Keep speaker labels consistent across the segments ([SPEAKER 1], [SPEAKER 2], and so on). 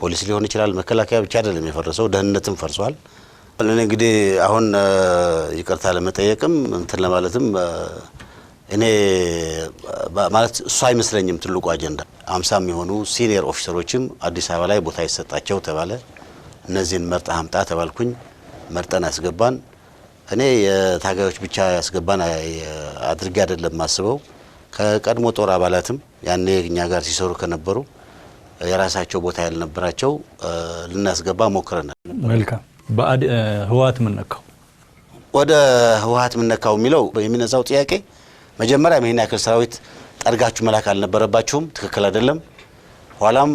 [SPEAKER 1] ፖሊስ ሊሆን ይችላል። መከላከያ ብቻ አይደለም የፈረሰው፣ ደህንነትም ፈርሷል። እኔ እንግዲህ አሁን ይቅርታ ለመጠየቅም እንትን ለማለትም እኔ ማለት እሱ አይመስለኝም ትልቁ አጀንዳ። አምሳ የሚሆኑ ሲኒየር ኦፊሰሮችም አዲስ አበባ ላይ ቦታ ይሰጣቸው ተባለ። እነዚህን መርጠ አምጣ ተባልኩኝ። መርጠን ያስገባን እኔ የታጋዮች ብቻ ያስገባን አድርጌ አይደለም ማስበው ከቀድሞ ጦር አባላትም ያኔ እኛ ጋር ሲሰሩ ከነበሩ የራሳቸው ቦታ ያልነበራቸው ልናስገባ ሞክረናል።
[SPEAKER 2] መልካም ህወሓት ምነካው
[SPEAKER 1] ወደ ህወሓት ምነካው የሚለው የሚነሳው ጥያቄ መጀመሪያ ይህን ያክል ሰራዊት ጠርጋችሁ መላክ አልነበረባችሁም፣ ትክክል አይደለም። ኋላም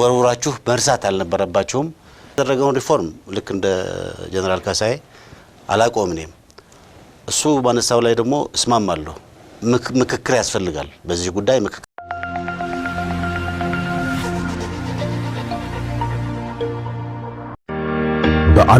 [SPEAKER 1] ወርውራችሁ መርሳት አልነበረባችሁም። የተደረገውን ሪፎርም ልክ እንደ ጀኔራል ካሳዬ አላቆም እኔም እሱ ባነሳው ላይ ደግሞ እስማማለሁ። ምክክር ያስፈልጋል። በዚህ ጉዳይ ምክክር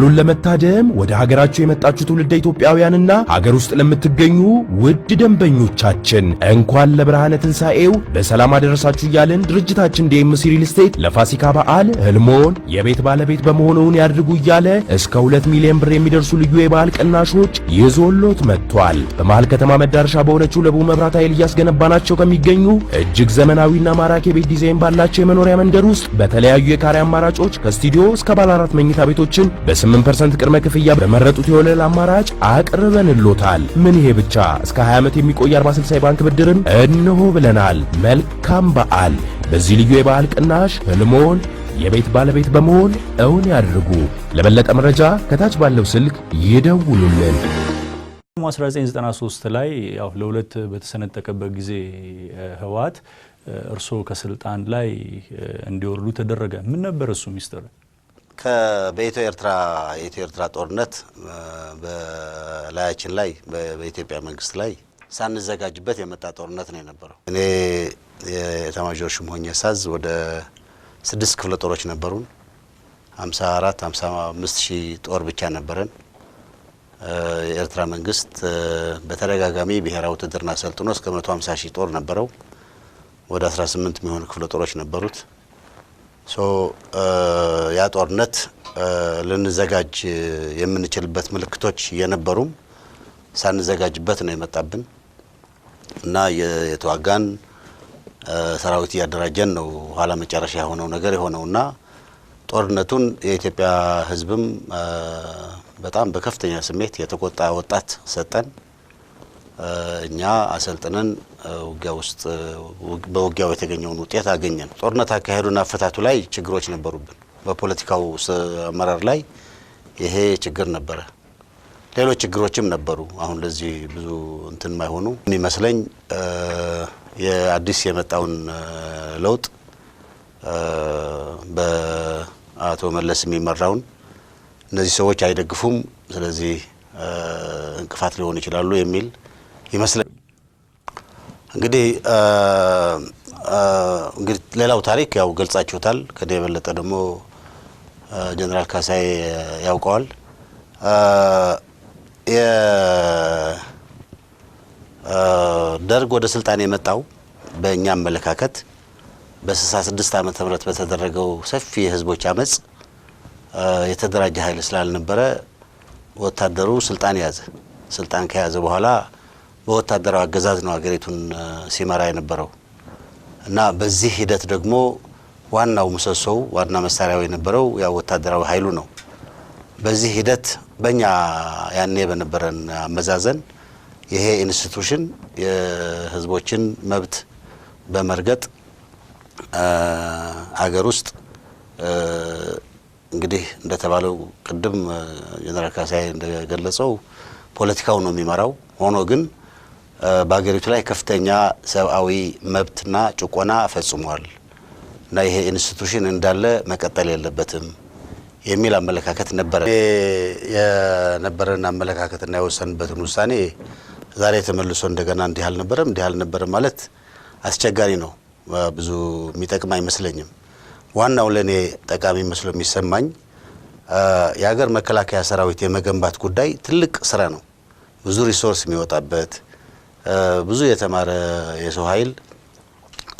[SPEAKER 2] በዓሉን ለመታደም ወደ ሀገራቸው የመጣችሁ ትውልደ ኢትዮጵያውያንና ሀገር ውስጥ ለምትገኙ ውድ ደንበኞቻችን እንኳን ለብርሃነ ትንሣኤው በሰላም አደረሳችሁ እያልን ድርጅታችን ዲኤምሲ ሪል ስቴት ለፋሲካ በዓል ህልሞን የቤት ባለቤት በመሆኑን ያድርጉ እያለ እስከ ሁለት ሚሊዮን ብር የሚደርሱ ልዩ የበዓል ቅናሾች ይዞሎት መጥቷል። በመሃል ከተማ መዳረሻ በሆነችው ለቡ መብራት ኃይል እያስገነባናቸው ከሚገኙ እጅግ ዘመናዊና ማራኪ የቤት ዲዛይን ባላቸው የመኖሪያ መንደር ውስጥ በተለያዩ የካሬ አማራጮች ከስቱዲዮ እስከ ባለ አራት መኝታ ቤቶችን በስ 8 ቅድመ ክፍያ በመረጡት የወለል አማራጭ አቅርበንሎታል። ምን ይሄ ብቻ እስከ 20 ዓመት የሚቆይ 46 60 ባንክ ብድርም እንሆ ብለናል። መልካም በዓል! በዚህ ልዩ የበዓል ቅናሽ ህልሞን የቤት ባለቤት በመሆን እውን ያድርጉ። ለበለጠ መረጃ ከታች ባለው ስልክ ይደውሉልን። 1993 ላይ ያው ለሁለት በተሰነጠቀበት ጊዜ ህወሓት እርሶ ከስልጣን ላይ እንዲወርዱ ተደረገ። ምን ነበር እሱ ሚስጥር?
[SPEAKER 1] በኢትዮ ኤርትራ የኢትዮ ኤርትራ ጦርነት በላያችን ላይ በኢትዮጵያ መንግስት ላይ ሳንዘጋጅበት የመጣ ጦርነት ነው የነበረው። እኔ የኤታማዦር ሹም ሆኜ ሳዝ ወደ ስድስት ክፍለ ጦሮች ነበሩን። ሀምሳ አራት ሀምሳ አምስት ሺህ ጦር ብቻ ነበረን። የኤርትራ መንግስት በተደጋጋሚ ብሔራዊ ውትድርና ሰልጥኖ እስከ መቶ ሀምሳ ሺህ ጦር ነበረው። ወደ አስራ ስምንት የሚሆኑ ክፍለ ጦሮች ነበሩት። ያ ጦርነት ልንዘጋጅ የምንችልበት ምልክቶች የነበሩም ሳንዘጋጅበት ነው የመጣብን እና የተዋጋን ሰራዊት እያደራጀን ነው ኋላ መጨረሻ የሆነው ነገር የሆነውና ጦርነቱን የኢትዮጵያ ሕዝብም በጣም በከፍተኛ ስሜት የተቆጣ ወጣት ሰጠን። እኛ አሰልጥነን ውጊያ ውስጥ በውጊያው የተገኘውን ውጤት አገኘን። ጦርነት አካሄዱና አፈታቱ ላይ ችግሮች ነበሩብን። በፖለቲካው አመራር ላይ ይሄ ችግር ነበረ። ሌሎች ችግሮችም ነበሩ። አሁን ለዚህ ብዙ እንትን ማይሆኑ የሚመስለኝ የአዲስ የመጣውን ለውጥ በአቶ መለስ የሚመራውን እነዚህ ሰዎች አይደግፉም፣ ስለዚህ እንቅፋት ሊሆኑ ይችላሉ የሚል ይመስለኛል። እንግዲህ እንግዲህ ሌላው ታሪክ ያው ገልጻችሁታል። ከኔ የበለጠ ደግሞ ጀኔራል ካሳይ ያውቀዋል። ደርግ ወደ ስልጣን የመጣው በእኛ አመለካከት በ66 ዓመተ ምህረት በተደረገው ሰፊ የህዝቦች አመፅ የተደራጀ ኃይል ስላልነበረ ወታደሩ ስልጣን ያዘ። ስልጣን ከያዘ በኋላ በወታደራዊ አገዛዝ ነው ሀገሪቱን ሲመራ የነበረው እና በዚህ ሂደት ደግሞ ዋናው ምሰሶው ዋና መሳሪያው የነበረው ያው ወታደራዊ ኃይሉ ነው። በዚህ ሂደት በእኛ ያኔ በነበረን አመዛዘን ይሄ ኢንስቲቱሽን የህዝቦችን መብት በመርገጥ አገር ውስጥ እንግዲህ እንደተባለው ቅድም ጀነራል ካሳይ እንደገለጸው ፖለቲካው ነው የሚመራው ሆኖ ግን በሀገሪቱ ላይ ከፍተኛ ሰብአዊ መብትና ጭቆና ፈጽሟል እና ይሄ ኢንስቲቱሽን እንዳለ መቀጠል የለበትም የሚል አመለካከት ነበረ። የነበረን አመለካከትና የወሰንበትን ውሳኔ ዛሬ ተመልሶ እንደገና እንዲህ አልነበረም እንዲህ አልነበረም ማለት አስቸጋሪ ነው። ብዙ የሚጠቅም አይመስለኝም። ዋናው ለእኔ ጠቃሚ መስሎ የሚሰማኝ የሀገር መከላከያ ሰራዊት የመገንባት ጉዳይ ትልቅ ስራ ነው። ብዙ ሪሶርስ የሚወጣበት ብዙ የተማረ የሰው ኃይል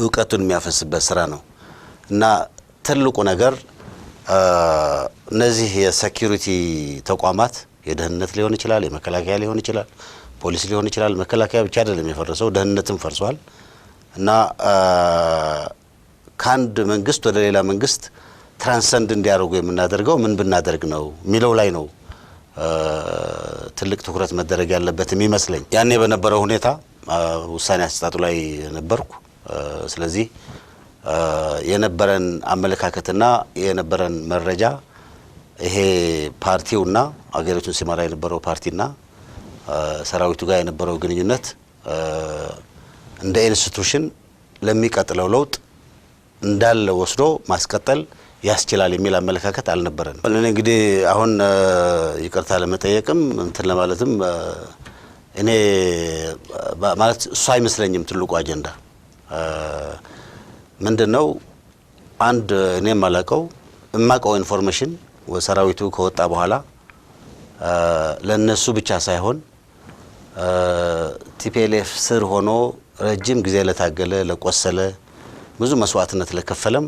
[SPEAKER 1] እውቀቱን የሚያፈስበት ስራ ነው እና ትልቁ ነገር እነዚህ የሴኪሪቲ ተቋማት የደህንነት ሊሆን ይችላል፣ የመከላከያ ሊሆን ይችላል፣ ፖሊስ ሊሆን ይችላል። መከላከያ ብቻ አይደለም የፈረሰው፣ ደህንነትም ፈርሷል እና ከአንድ መንግስት ወደ ሌላ መንግስት ትራንሰንድ እንዲያደርጉ የምናደርገው ምን ብናደርግ ነው የሚለው ላይ ነው ትልቅ ትኩረት መደረግ ያለበት የሚመስለኝ ያኔ በነበረው ሁኔታ ውሳኔ አሰጣጡ ላይ ነበርኩ። ስለዚህ የነበረን አመለካከትና የነበረን መረጃ ይሄ ፓርቲውና አገሪቱን ሲመራ የነበረው ፓርቲና ሰራዊቱ ጋር የነበረው ግንኙነት እንደ ኢንስቲቱሽን ለሚቀጥለው ለውጥ እንዳለ ወስዶ ማስቀጠል ያስችላል የሚል አመለካከት አልነበረንም። እኔ እንግዲህ አሁን ይቅርታ ለመጠየቅም እንትን ለማለትም እኔ ማለት እሱ አይመስለኝም። ትልቁ አጀንዳ ምንድን ነው? አንድ እኔ የማላውቀው የማቀው ኢንፎርሜሽን ሰራዊቱ ከወጣ በኋላ ለእነሱ ብቻ ሳይሆን ቲፒኤልኤፍ ስር ሆኖ ረጅም ጊዜ ለታገለ ለቆሰለ ብዙ መስዋዕትነት ለከፈለም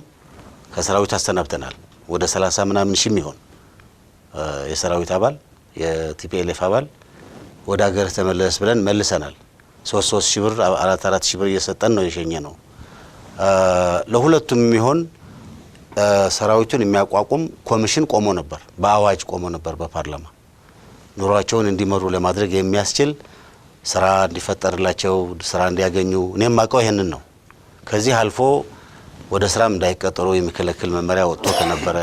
[SPEAKER 1] ከሰራዊት አሰናብተናል። ወደ 30 ምናምን ሺህ የሚሆን የሰራዊት አባል የቲፒኤልኤፍ አባል ወደ ሀገር ተመለስ ብለን መልሰናል። ሶስት ሶስት ብር አራት አራት ብር እየሰጠን ነው የሸኘ ነው። ለሁለቱም የሚሆን ሰራዊቱን የሚያቋቁም ኮሚሽን ቆሞ ነበር፣ በአዋጅ ቆሞ ነበር በፓርላማ ኑሯቸውን እንዲመሩ ለማድረግ የሚያስችል ስራ እንዲፈጠርላቸው ስራ እንዲያገኙ እኔም አውቀው ይህንን ነው። ከዚህ አልፎ ወደ ስራም እንዳይቀጠሩ የሚከለክል መመሪያ ወጥቶ ከነበረ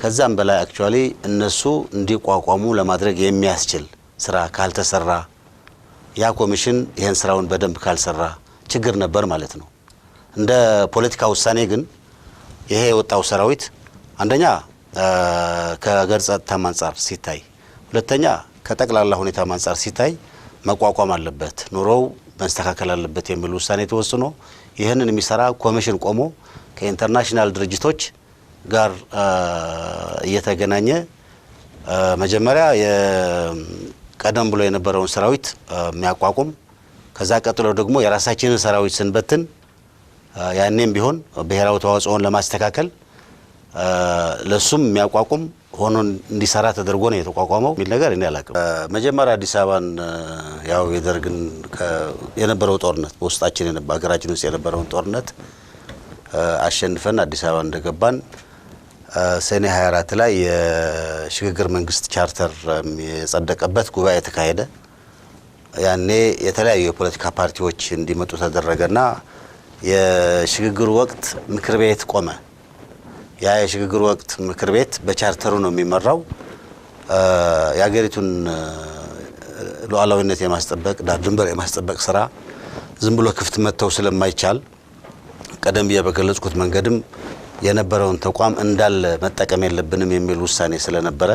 [SPEAKER 1] ከዛም በላይ አክቹዋሊ እነሱ እንዲቋቋሙ ለማድረግ የሚያስችል ስራ ካልተሰራ ያ ኮሚሽን ይህን ስራውን በደንብ ካልሰራ ችግር ነበር ማለት ነው። እንደ ፖለቲካ ውሳኔ ግን ይሄ የወጣው ሰራዊት አንደኛ ከገር ጸጥታም አንጻር ሲታይ፣ ሁለተኛ ከጠቅላላ ሁኔታም አንጻር ሲታይ መቋቋም አለበት ኑሮው መስተካከል አለበት የሚል ውሳኔ ተወስኖ ይህንን የሚሰራ ኮሚሽን ቆሞ ከኢንተርናሽናል ድርጅቶች ጋር እየተገናኘ መጀመሪያ ቀደም ብሎ የነበረውን ሰራዊት የሚያቋቁም ከዛ ቀጥሎ ደግሞ የራሳችንን ሰራዊት ስንበትን ያኔም ቢሆን ብሔራዊ ተዋጽኦን ለማስተካከል ለሱም የሚያቋቁም ሆኖ እንዲሰራ ተደርጎ ነው የተቋቋመው የሚል ነገር እኔ አላውቅም። መጀመሪያ አዲስ አበባን ያው የደርግን የነበረው ጦርነት በውስጣችን ሀገራችን ውስጥ የነበረውን ጦርነት አሸንፈን አዲስ አበባ እንደገባን ሰኔ 24 ላይ የሽግግር መንግስት ቻርተር የጸደቀበት ጉባኤ ተካሄደ። ያኔ የተለያዩ የፖለቲካ ፓርቲዎች እንዲመጡ ተደረገና የሽግግሩ ወቅት ምክር ቤት ቆመ። ያ የሽግግር ወቅት ምክር ቤት በቻርተሩ ነው የሚመራው። የሀገሪቱን ሉዓላዊነት የማስጠበቅ ዳር ድንበር የማስጠበቅ ስራ ዝም ብሎ ክፍት መተው ስለማይቻል ቀደም ብዬ በገለጽኩት መንገድም የነበረውን ተቋም እንዳለ መጠቀም የለብንም የሚል ውሳኔ ስለነበረ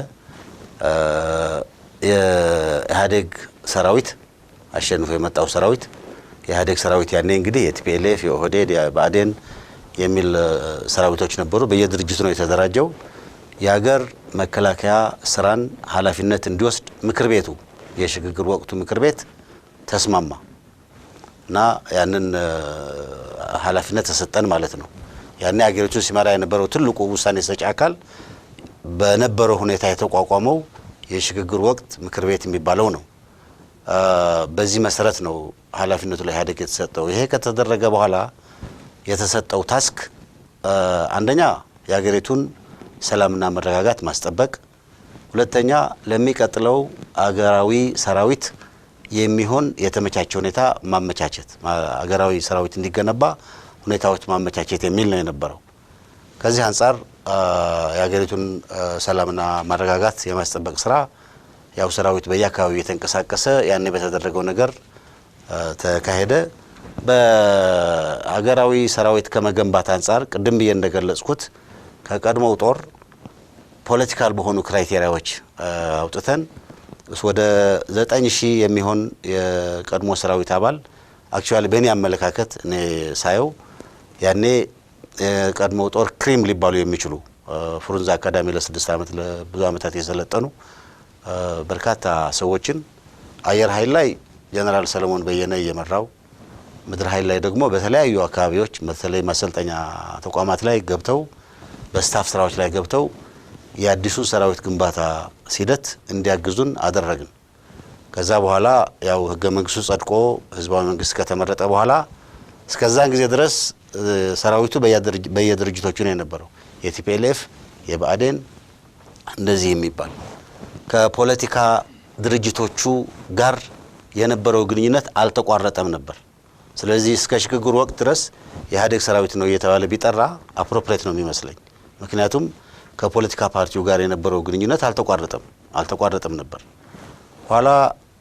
[SPEAKER 1] የኢህአዴግ ሰራዊት አሸንፎ የመጣው ሰራዊት የኢህአዴግ ሰራዊት ያኔ እንግዲህ የቲፒኤልኤፍ፣ የኦህዴድ፣ የብአዴን የሚል ሰራዊቶች ነበሩ። በየድርጅቱ ነው የተደራጀው። የሀገር መከላከያ ስራን ኃላፊነት እንዲወስድ ምክር ቤቱ የሽግግር ወቅቱ ምክር ቤት ተስማማ እና ያንን ኃላፊነት ተሰጠን ማለት ነው። ያኔ ሀገሪቱን ሲመራ የነበረው ትልቁ ውሳኔ ሰጪ አካል በነበረው ሁኔታ የተቋቋመው የሽግግር ወቅት ምክር ቤት የሚባለው ነው። በዚህ መሰረት ነው ኃላፊነቱ ለኢህአዴግ የተሰጠው። ይሄ ከተደረገ በኋላ የተሰጠው ታስክ አንደኛ የሀገሪቱን ሰላምና መረጋጋት ማስጠበቅ፣ ሁለተኛ ለሚቀጥለው አገራዊ ሰራዊት የሚሆን የተመቻቸ ሁኔታ ማመቻቸት፣ አገራዊ ሰራዊት እንዲገነባ ሁኔታዎች ማመቻቸት የሚል ነው የነበረው። ከዚህ አንጻር የሀገሪቱን ሰላምና ማረጋጋት የማስጠበቅ ስራ ያው ሰራዊት በየአካባቢው የተንቀሳቀሰ ያኔ በተደረገው ነገር ተካሄደ። በሀገራዊ ሰራዊት ከመገንባት አንጻር ቅድም ብዬ እንደገለጽኩት ከቀድሞው ጦር ፖለቲካል በሆኑ ክራይቴሪያዎች አውጥተን ወደ ዘጠኝ ሺህ የሚሆን የቀድሞ ሰራዊት አባል አክቹዋሊ በእኔ አመለካከት እኔ ሳየው ያኔ የቀድሞ ጦር ክሪም ሊባሉ የሚችሉ ፍሩንዛ አካዳሚ ለስድስት ዓመት ለብዙ ዓመታት የሰለጠኑ በርካታ ሰዎችን አየር ኃይል ላይ ጀነራል ሰለሞን በየነ እየመራው ምድር ኃይል ላይ ደግሞ በተለያዩ አካባቢዎች በተለይ ማሰልጠኛ ተቋማት ላይ ገብተው በስታፍ ስራዎች ላይ ገብተው የአዲሱ ሰራዊት ግንባታ ሂደት እንዲያግዙን አደረግን። ከዛ በኋላ ያው ህገ መንግስቱ ጸድቆ ህዝባዊ መንግስት ከተመረጠ በኋላ እስከዛን ጊዜ ድረስ ሰራዊቱ በየድርጅቶቹ ነው የነበረው። የቲፒኤልኤፍ፣ የብአዴን እንደዚህ የሚባል ከፖለቲካ ድርጅቶቹ ጋር የነበረው ግንኙነት አልተቋረጠም ነበር። ስለዚህ እስከ ሽግግር ወቅት ድረስ የኢህአዴግ ሰራዊት ነው እየተባለ ቢጠራ አፕሮፕሬት ነው የሚመስለኝ። ምክንያቱም ከፖለቲካ ፓርቲው ጋር የነበረው ግንኙነት አልተቋረጠም አልተቋረጠም ነበር። ኋላ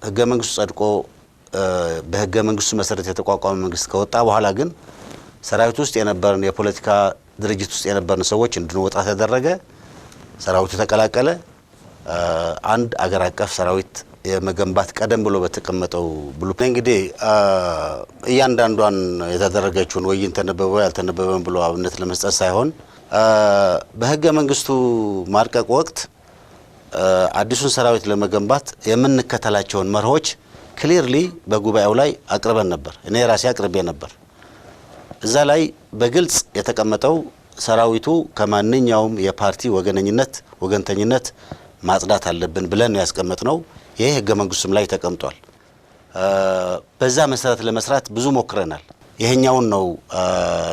[SPEAKER 1] ህገ መንግስቱ ጸድቆ በህገ መንግስቱ መሰረት የተቋቋመ መንግስት ከወጣ በኋላ ግን ሰራዊት ውስጥ የነበርን የፖለቲካ ድርጅት ውስጥ የነበርን ሰዎች እንድንወጣ ተደረገ። ሰራዊቱ ተቀላቀለ። አንድ አገር አቀፍ ሰራዊት የመገንባት ቀደም ብሎ በተቀመጠው ብሉ እንግዲህ እያንዳንዷን የተደረገችውን ወይን ተነበበ ያልተነበበን ብሎ አብነት ለመስጠት ሳይሆን በህገ መንግስቱ ማርቀቅ ወቅት አዲሱን ሰራዊት ለመገንባት የምንከተላቸውን መርሆች ክሊርሊ በጉባኤው ላይ አቅርበን ነበር። እኔ ራሴ አቅርቤ ነበር። እዛ ላይ በግልጽ የተቀመጠው ሰራዊቱ ከማንኛውም የፓርቲ ወገነኝነት፣ ወገንተኝነት ማጽዳት አለብን ብለን ያስቀመጥ ነው። ይህ ህገ መንግስቱም ላይ ተቀምጧል። በዛ መሰረት ለመስራት ብዙ ሞክረናል። ይህኛውን ነው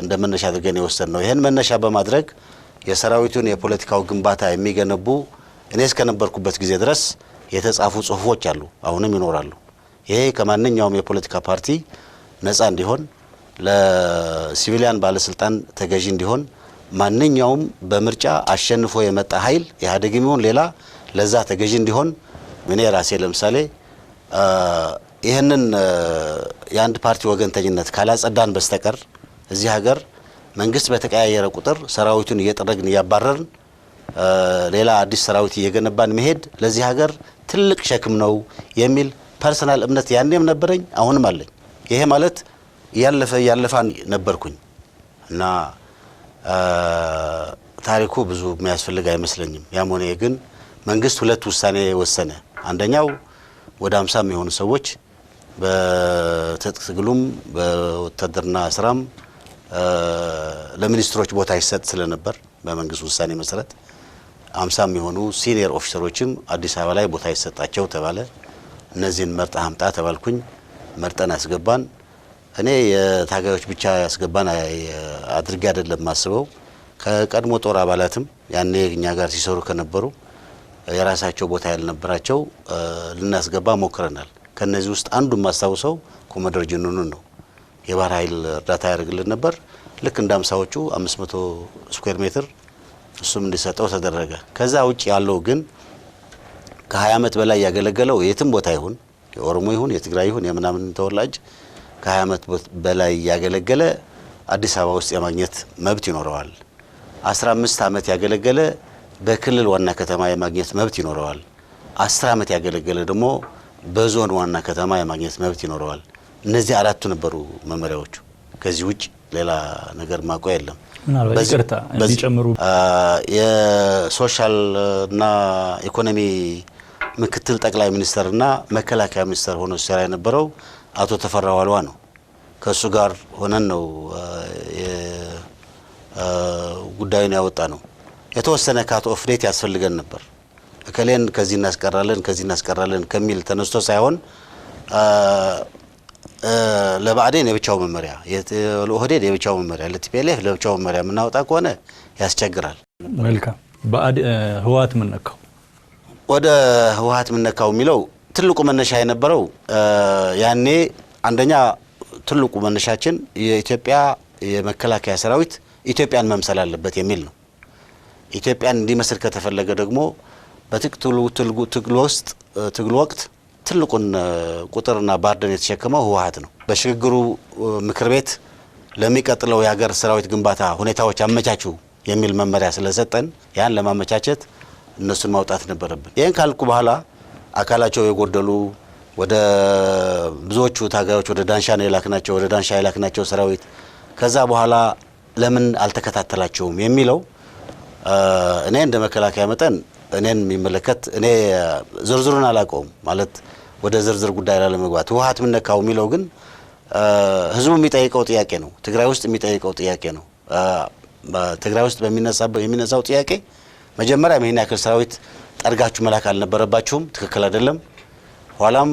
[SPEAKER 1] እንደ መነሻ አድርገን የወሰድ ነው። ይህን መነሻ በማድረግ የሰራዊቱን የፖለቲካው ግንባታ የሚገነቡ እኔ እስከነበርኩበት ጊዜ ድረስ የተጻፉ ጽሁፎች አሉ፣ አሁንም ይኖራሉ። ይሄ ከማንኛውም የፖለቲካ ፓርቲ ነጻ እንዲሆን ለሲቪሊያን ባለስልጣን ተገዢ እንዲሆን ማንኛውም በምርጫ አሸንፎ የመጣ ኃይል ኢህአዴግም ይሁን ሌላ ለዛ ተገዢ እንዲሆን እኔ ራሴ ለምሳሌ ይህንን የአንድ ፓርቲ ወገንተኝነት ካላጸዳን በስተቀር እዚህ ሀገር መንግስት በተቀያየረ ቁጥር ሰራዊቱን እየጠረግን እያባረርን ሌላ አዲስ ሰራዊት እየገነባን መሄድ ለዚህ ሀገር ትልቅ ሸክም ነው የሚል ፐርሰናል እምነት ያኔም ነበረኝ፣ አሁንም አለኝ። ይሄ ማለት እያለፈ ያለፋን ነበርኩኝ እና ታሪኩ ብዙ የሚያስፈልግ አይመስለኝም። ያም ሆነ ግን መንግስት ሁለት ውሳኔ ወሰነ። አንደኛው ወደ አምሳ የሚሆኑ ሰዎች በትጥቅ ትግሉም በወታደርና ስራም ለሚኒስትሮች ቦታ ይሰጥ ስለነበር በመንግስት ውሳኔ መሰረት አምሳ የሚሆኑ ሲኒየር ኦፊሰሮችም አዲስ አበባ ላይ ቦታ ይሰጣቸው ተባለ። እነዚህን መርጠ አምጣ ተባልኩኝ። መርጠን አስገባን እኔ የታጋዮች ብቻ ያስገባን አድርጌ አይደለም ማስበው ከቀድሞ ጦር አባላትም ያኔ እኛ ጋር ሲሰሩ ከነበሩ የራሳቸው ቦታ ያልነበራቸው ልናስገባ ሞክረናል። ከነዚህ ውስጥ አንዱ የማስታውሰው ኮመዶር ጅኑኑን ነው። የባህር ኃይል እርዳታ ያደርግልን ነበር። ልክ እንደ አምሳዎቹ መቶ ስኩዌር ሜትር እሱም እንዲሰጠው ተደረገ። ከዛ ውጭ ያለው ግን ከሀያ ዓመት በላይ ያገለገለው የትም ቦታ ይሁን የኦሮሞ ይሁን የትግራይ ይሁን የምናምን ተወላጅ ከ ዓመት በላይ ያገለገለ አዲስ አበባ ውስጥ የማግኘት መብት ይኖረዋል። አስራ አምስት ዓመት ያገለገለ በክልል ዋና ከተማ የማግኘት መብት ይኖረዋል። አስር ዓመት ያገለገለ ደግሞ በዞን ዋና ከተማ የማግኘት መብት ይኖረዋል። እነዚህ አራቱ ነበሩ መመሪያዎቹ። ከዚህ ውጭ ሌላ ነገር ማቆ የለም። የሶሻል የሶሻልና ኢኮኖሚ ምክትል ጠቅላይ ሚኒስተርና መከላከያ ሚኒስተር ሆኖ ሲሰራ የነበረው አቶ ተፈራ ዋልዋ ነው። ከእሱ ጋር ሆነን ነው ጉዳዩን ያወጣ ነው። የተወሰነ ካት ኦፍ ዴት ያስፈልገን ነበር። እከሌን ከዚህ እናስቀራለን ከዚህ እናስቀራለን ከሚል ተነስቶ ሳይሆን ለብአዴን የብቻው መመሪያ፣ ለኦህዴድ የብቻው መመሪያ፣ ለቲፒኤልኤፍ ለብቻው መመሪያ የምናወጣ ከሆነ ያስቸግራል።
[SPEAKER 2] መልካም ህወሀት ምነካው
[SPEAKER 1] ወደ ህወሀት የምነካው የሚለው ትልቁ መነሻ የነበረው ያኔ አንደኛ ትልቁ መነሻችን የኢትዮጵያ የመከላከያ ሰራዊት ኢትዮጵያን መምሰል አለበት የሚል ነው። ኢትዮጵያን እንዲመስል ከተፈለገ ደግሞ በትጥቅ ውስጥ ትግሉ ወቅት ትልቁን ቁጥርና ባርደን የተሸከመው ህወሀት ነው። በሽግግሩ ምክር ቤት ለሚቀጥለው የሀገር ሰራዊት ግንባታ ሁኔታዎች አመቻቹ የሚል መመሪያ ስለሰጠን ያን ለማመቻቸት እነሱን ማውጣት ነበረብን። ይህን ካልኩ በኋላ አካላቸው የጎደሉ ወደ ብዙዎቹ ታጋዮች ወደ ዳንሻ ነው የላክናቸው ወደ ዳንሻ የላክናቸው ሰራዊት ከዛ በኋላ ለምን አልተከታተላቸውም የሚለው እኔ እንደ መከላከያ መጠን እኔን የሚመለከት እኔ ዝርዝሩን አላውቀውም ማለት ወደ ዝርዝር ጉዳይ ላለመግባት ህወሀት ምነካው የሚለው ግን ህዝቡ የሚጠይቀው ጥያቄ ነው። ትግራይ ውስጥ የሚጠይቀው ጥያቄ ነው። ትግራይ ውስጥ የሚነሳው ጥያቄ መጀመሪያ ይህን ያክል ሰራዊት ጠርጋችሁ መላክ አልነበረባችሁም፣ ትክክል አይደለም። ኋላም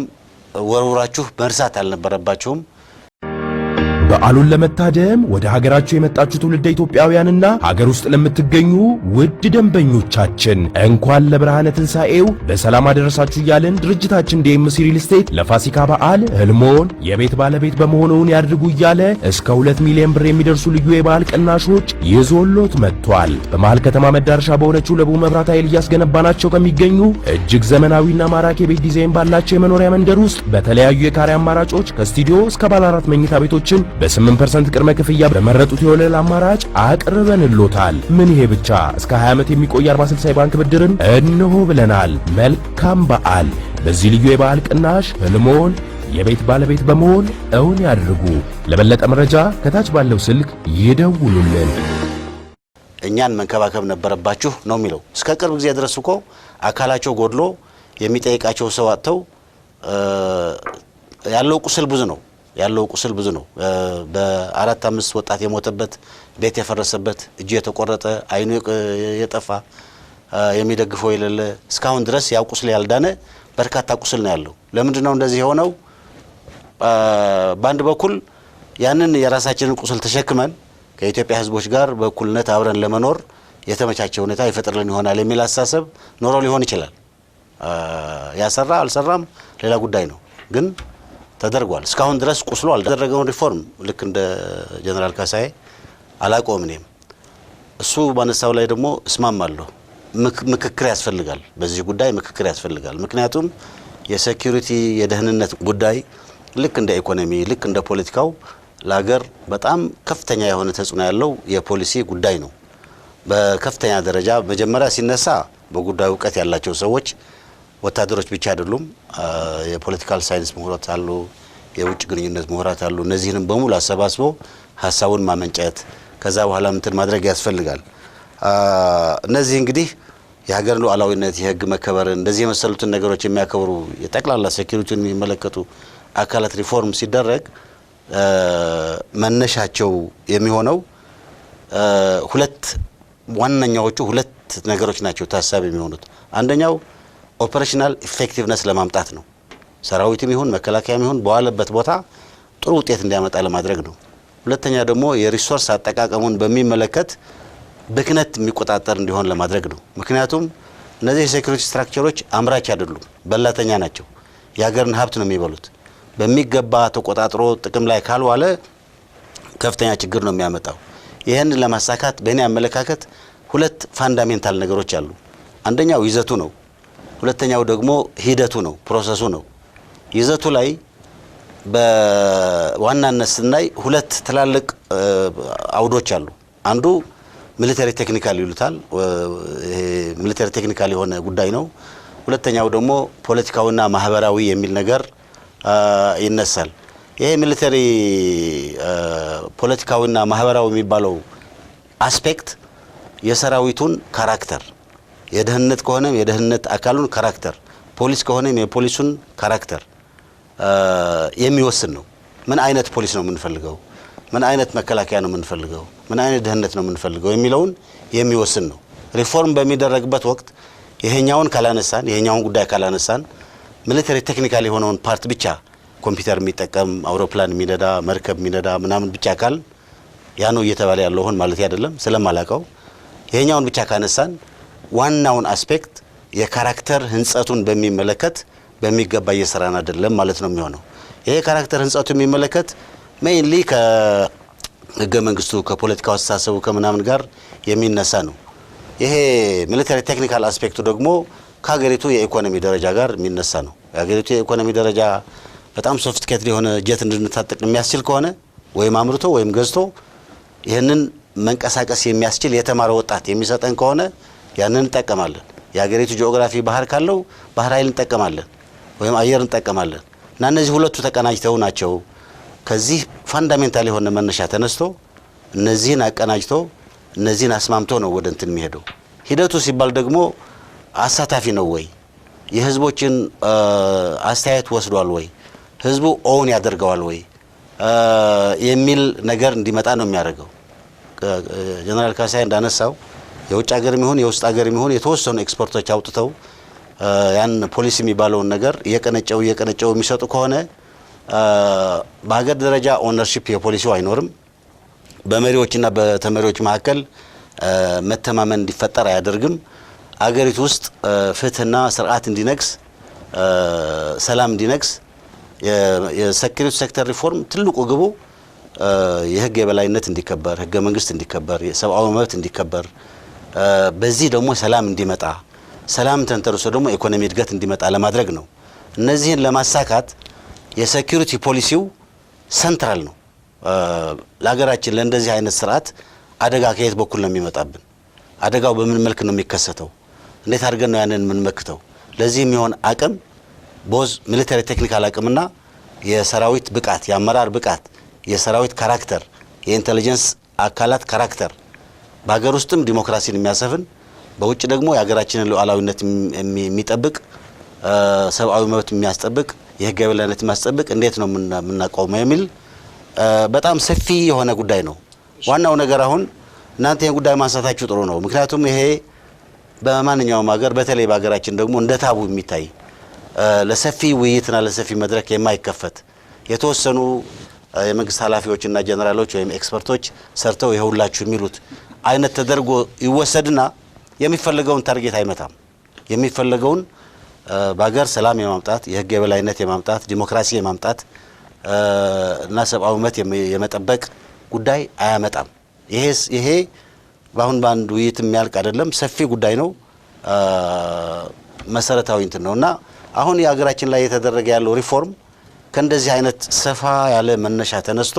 [SPEAKER 1] ወርውራችሁ መርሳት አልነበረባችሁም።
[SPEAKER 2] በዓሉን ለመታደም ወደ ሀገራቸው የመጣችሁ ትውልደ ኢትዮጵያውያንና ሀገር ውስጥ ለምትገኙ ውድ ደንበኞቻችን እንኳን ለብርሃነ ትንሣኤው በሰላም አደረሳችሁ እያልን ድርጅታችን ዲኤምሲ ሪል ስቴት ለፋሲካ በዓል ህልሞን የቤት ባለቤት በመሆኑን ያድርጉ እያለ እስከ 2 ሚሊዮን ብር የሚደርሱ ልዩ የበዓል ቅናሾች ይዞሎት መጥቷል። በመሃል ከተማ መዳረሻ በሆነችው ለቡ መብራት ኃይል እያስገነባናቸው ከሚገኙ እጅግ ዘመናዊና ማራኪ የቤት ዲዛይን ባላቸው የመኖሪያ መንደር ውስጥ በተለያዩ የካሬ አማራጮች ከስቱዲዮ እስከ ባለ አራት መኝታ ቤቶችን በ8% ቅድመ ክፍያ በመረጡት የወለል አማራጭ አቅርበንሎታል። ምን ይሄ ብቻ እስከ 20 ዓመት የሚቆይ 46 60 ባንክ ብድርን እንሆ ብለናል። መልካም በዓል! በዚህ ልዩ የበዓል ቅናሽ ህልሞን የቤት ባለቤት በመሆን እውን ያድርጉ። ለበለጠ መረጃ ከታች ባለው ስልክ ይደውሉልን።
[SPEAKER 1] እኛን መንከባከብ ነበረባችሁ ነው የሚለው። እስከ ቅርብ ጊዜ ድረስ እኮ አካላቸው ጎድሎ የሚጠይቃቸው ሰው አጥተው ያለው ቁስል ብዙ ነው። ያለው ቁስል ብዙ ነው። በአራት አምስት ወጣት የሞተበት፣ ቤት የፈረሰበት፣ እጁ የተቆረጠ፣ አይኑ የጠፋ፣ የሚደግፈው የሌለ እስካሁን ድረስ ያው ቁስል ያልዳነ በርካታ ቁስል ነው ያለው። ለምንድን ነው እንደዚህ የሆነው? በአንድ በኩል ያንን የራሳችንን ቁስል ተሸክመን ከኢትዮጵያ ሕዝቦች ጋር በእኩልነት አብረን ለመኖር የተመቻቸ ሁኔታ ይፈጥርልን ይሆናል የሚል አስተሳሰብ ኖሮ ሊሆን ይችላል። ያሰራ አልሰራም ሌላ ጉዳይ ነው ግን ተደርጓል። እስካሁን ድረስ ቁስሎ አልደረገውን ሪፎርም ልክ እንደ ጀኔራል ካሳዬ አላቆም እኔም እሱ ባነሳው ላይ ደግሞ እስማማለሁ። ምክክር ያስፈልጋል፣ በዚህ ጉዳይ ምክክር ያስፈልጋል። ምክንያቱም የሴኪሪቲ የደህንነት ጉዳይ ልክ እንደ ኢኮኖሚ ልክ እንደ ፖለቲካው ለሀገር በጣም ከፍተኛ የሆነ ተጽዕኖ ያለው የፖሊሲ ጉዳይ ነው። በከፍተኛ ደረጃ መጀመሪያ ሲነሳ በጉዳዩ እውቀት ያላቸው ሰዎች ወታደሮች ብቻ አይደሉም። የፖለቲካል ሳይንስ ምሁሮች አሉ። የውጭ ግንኙነት ምሁራት አሉ። እነዚህንም በሙሉ አሰባስቦ ሀሳቡን ማመንጨት ከዛ በኋላ ምትን ማድረግ ያስፈልጋል። እነዚህ እንግዲህ የሀገር ሉዓላዊነት፣ የህግ መከበር እንደዚህ የመሰሉትን ነገሮች የሚያከብሩ የጠቅላላ ሴኪሪቲን የሚመለከቱ አካላት ሪፎርም ሲደረግ መነሻቸው የሚሆነው ሁለት ዋነኛዎቹ ሁለት ነገሮች ናቸው ታሳቢ የሚሆኑት። አንደኛው ኦፐሬሽናል ኢፌክቲቭነስ ለማምጣት ነው። ሰራዊትም ይሁን መከላከያም ይሁን በዋለበት ቦታ ጥሩ ውጤት እንዲያመጣ ለማድረግ ነው። ሁለተኛ ደግሞ የሪሶርስ አጠቃቀሙን በሚመለከት ብክነት የሚቆጣጠር እንዲሆን ለማድረግ ነው። ምክንያቱም እነዚህ የሴኩሪቲ ስትራክቸሮች አምራች አይደሉም፣ በላተኛ ናቸው። የሀገርን ሀብት ነው የሚበሉት። በሚገባ ተቆጣጥሮ ጥቅም ላይ ካልዋለ ከፍተኛ ችግር ነው የሚያመጣው። ይህን ለማሳካት በእኔ አመለካከት ሁለት ፋንዳሜንታል ነገሮች አሉ። አንደኛው ይዘቱ ነው። ሁለተኛው ደግሞ ሂደቱ ነው፣ ፕሮሰሱ ነው። ይዘቱ ላይ በዋናነት ስናይ ሁለት ትላልቅ አውዶች አሉ። አንዱ ሚሊተሪ ቴክኒካል ይሉታል። ይሄ ሚሊተሪ ቴክኒካል የሆነ ጉዳይ ነው። ሁለተኛው ደግሞ ፖለቲካዊና ማህበራዊ የሚል ነገር ይነሳል። ይሄ ሚሊተሪ ፖለቲካዊና ማህበራዊ የሚባለው አስፔክት የሰራዊቱን ካራክተር የደህንነት ከሆነም የደህንነት አካሉን ካራክተር፣ ፖሊስ ከሆነም የፖሊሱን ካራክተር የሚወስን ነው። ምን አይነት ፖሊስ ነው የምንፈልገው፣ ምን አይነት መከላከያ ነው የምንፈልገው፣ ምን አይነት ደህንነት ነው የምንፈልገው የሚለውን የሚወስን ነው። ሪፎርም በሚደረግበት ወቅት ይሄኛውን ካላነሳን፣ ይሄኛውን ጉዳይ ካላነሳን ሚሊተሪ ቴክኒካል የሆነውን ፓርት ብቻ ኮምፒውተር የሚጠቀም አውሮፕላን የሚነዳ መርከብ የሚነዳ ምናምን ብቻ ካል ያ ነው እየተባለ ያለውን ማለት አይደለም ስለማላቀው ይሄኛውን ብቻ ካነሳን ዋናውን አስፔክት የካራክተር ህንጸቱን በሚመለከት በሚገባ እየሰራን አይደለም ማለት ነው የሚሆነው። ይሄ ካራክተር ህንጻቱ የሚመለከት ሜይንሊ ከህገ መንግስቱ ከፖለቲካው አስተሳሰቡ ከምናምን ጋር የሚነሳ ነው። ይሄ ሚሊታሪ ቴክኒካል አስፔክቱ ደግሞ ከሀገሪቱ የኢኮኖሚ ደረጃ ጋር የሚነሳ ነው። የሀገሪቱ የኢኮኖሚ ደረጃ በጣም ሶፍቲኬትድ የሆነ ጀት እንድንታጠቅ የሚያስችል ከሆነ ወይም አምርቶ ወይም ገዝቶ ይህንን መንቀሳቀስ የሚያስችል የተማረ ወጣት የሚሰጠን ከሆነ ያንን እንጠቀማለን። የሀገሪቱ ጂኦግራፊ ባህር ካለው ባህር ኃይል እንጠቀማለን። ወይም አየር እንጠቀማለን እና እነዚህ ሁለቱ ተቀናጅተው ናቸው። ከዚህ ፋንዳሜንታል የሆነ መነሻ ተነስቶ እነዚህን አቀናጅቶ እነዚህን አስማምቶ ነው ወደ እንትን የሚሄደው። ሂደቱ ሲባል ደግሞ አሳታፊ ነው ወይ የህዝቦችን አስተያየት ወስዷል ወይ ህዝቡ ኦውን ያደርገዋል ወይ የሚል ነገር እንዲመጣ ነው የሚያደርገው። ጀነራል ካሳይ እንዳነሳው የውጭ ሀገር የሚሆን የውስጥ ሀገር የሚሆን የተወሰኑ ኤክስፐርቶች አውጥተው ያን ፖሊሲ የሚባለውን ነገር እየቀነጨው እየቀነጨው የሚሰጡ ከሆነ በሀገር ደረጃ ኦነርሺፕ የፖሊሲው አይኖርም። በመሪዎችና በተመሪዎች መካከል መተማመን እንዲፈጠር አያደርግም። አገሪቱ ውስጥ ፍትህና ስርዓት እንዲነግስ፣ ሰላም እንዲነግስ የሴኩሪቲ ሴክተር ሪፎርም ትልቁ ግቡ የህግ የበላይነት እንዲከበር፣ ህገ መንግስት እንዲከበር፣ የሰብአዊ መብት እንዲከበር፣ በዚህ ደግሞ ሰላም እንዲመጣ ሰላም ተንተርሶ ደግሞ ኢኮኖሚ እድገት እንዲመጣ ለማድረግ ነው። እነዚህን ለማሳካት የሴኩሪቲ ፖሊሲው ሰንትራል ነው። ለሀገራችን ለእንደዚህ አይነት ስርዓት አደጋ ከየት በኩል ነው የሚመጣብን? አደጋው በምን መልክ ነው የሚከሰተው? እንዴት አድርገን ነው ያንን የምንመክተው? ለዚህ የሚሆን አቅም ቦዝ ሚሊተሪ ቴክኒካል አቅምና የሰራዊት ብቃት፣ የአመራር ብቃት፣ የሰራዊት ካራክተር፣ የኢንቴሊጀንስ አካላት ካራክተር በሀገር ውስጥም ዲሞክራሲን የሚያሰፍን በውጭ ደግሞ የሀገራችንን ሉዓላዊነት የሚጠብቅ ሰብአዊ መብት የሚያስጠብቅ የህግ የበላይነት የሚያስጠብቅ እንዴት ነው የምናቆመው የሚል በጣም ሰፊ የሆነ ጉዳይ ነው። ዋናው ነገር አሁን እናንተ ይህን ጉዳይ ማንሳታችሁ ጥሩ ነው። ምክንያቱም ይሄ በማንኛውም ሀገር በተለይ በሀገራችን ደግሞ እንደ ታቡ የሚታይ ለሰፊ ውይይትና ለሰፊ መድረክ የማይከፈት የተወሰኑ የመንግስት ኃላፊዎችና ጀኔራሎች ወይም ኤክስፐርቶች ሰርተው የሁላችሁ የሚሉት አይነት ተደርጎ ይወሰድና የሚፈለገውን ታርጌት አይመታም። የሚፈለገውን በሀገር ሰላም የማምጣት የህግ የበላይነት የማምጣት ዲሞክራሲ የማምጣት እና ሰብአዊ መብት የመጠበቅ ጉዳይ አያመጣም። ይሄ በአሁን በአንድ ውይይት የሚያልቅ አይደለም፣ ሰፊ ጉዳይ ነው፣ መሰረታዊ እንትን ነው እና አሁን የሀገራችን ላይ የተደረገ ያለው ሪፎርም ከእንደዚህ አይነት ሰፋ ያለ መነሻ ተነስቶ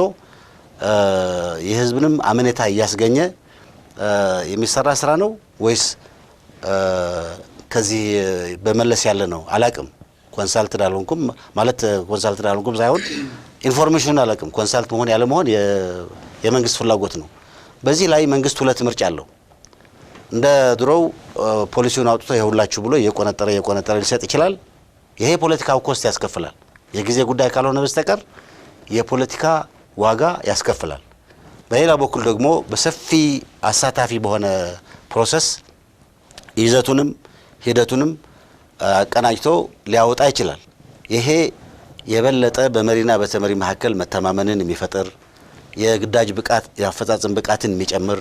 [SPEAKER 1] የህዝብንም አመኔታ እያስገኘ የሚሰራ ስራ ነው ወይስ ከዚህ በመለስ ያለ ነው? አላቅም። ኮንሳልትድ አልሆንኩም ማለት ኮንሳልትድ አልሆንኩም ሳይሆን ኢንፎርሜሽኑን አላቅም። ኮንሳልት መሆን ያለ መሆን የመንግስት ፍላጎት ነው። በዚህ ላይ መንግስት ሁለት ምርጫ አለው። እንደ ድሮው ፖሊሲውን አውጥቶ የሁላችሁ ብሎ እየቆነጠረ እየቆነጠረ ሊሰጥ ይችላል። ይሄ የፖለቲካ ኮስት ያስከፍላል። የጊዜ ጉዳይ ካልሆነ በስተቀር የፖለቲካ ዋጋ ያስከፍላል። በሌላ በኩል ደግሞ በሰፊ አሳታፊ በሆነ ፕሮሰስ ይዘቱንም ሂደቱንም አቀናጅቶ ሊያወጣ ይችላል። ይሄ የበለጠ በመሪና በተመሪ መካከል መተማመንን የሚፈጥር የግዳጅ ብቃት የአፈጻጸም ብቃትን የሚጨምር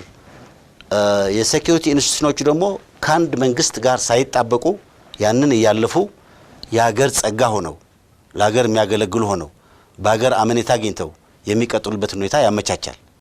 [SPEAKER 1] የሴኪሪቲ ኢንስቲትዩሽኖቹ ደግሞ ከአንድ መንግስት ጋር ሳይጣበቁ ያንን እያለፉ የሀገር ጸጋ ሆነው ለሀገር የሚያገለግሉ ሆነው በሀገር አመኔታ አግኝተው የሚቀጥሉበትን ሁኔታ ያመቻቻል።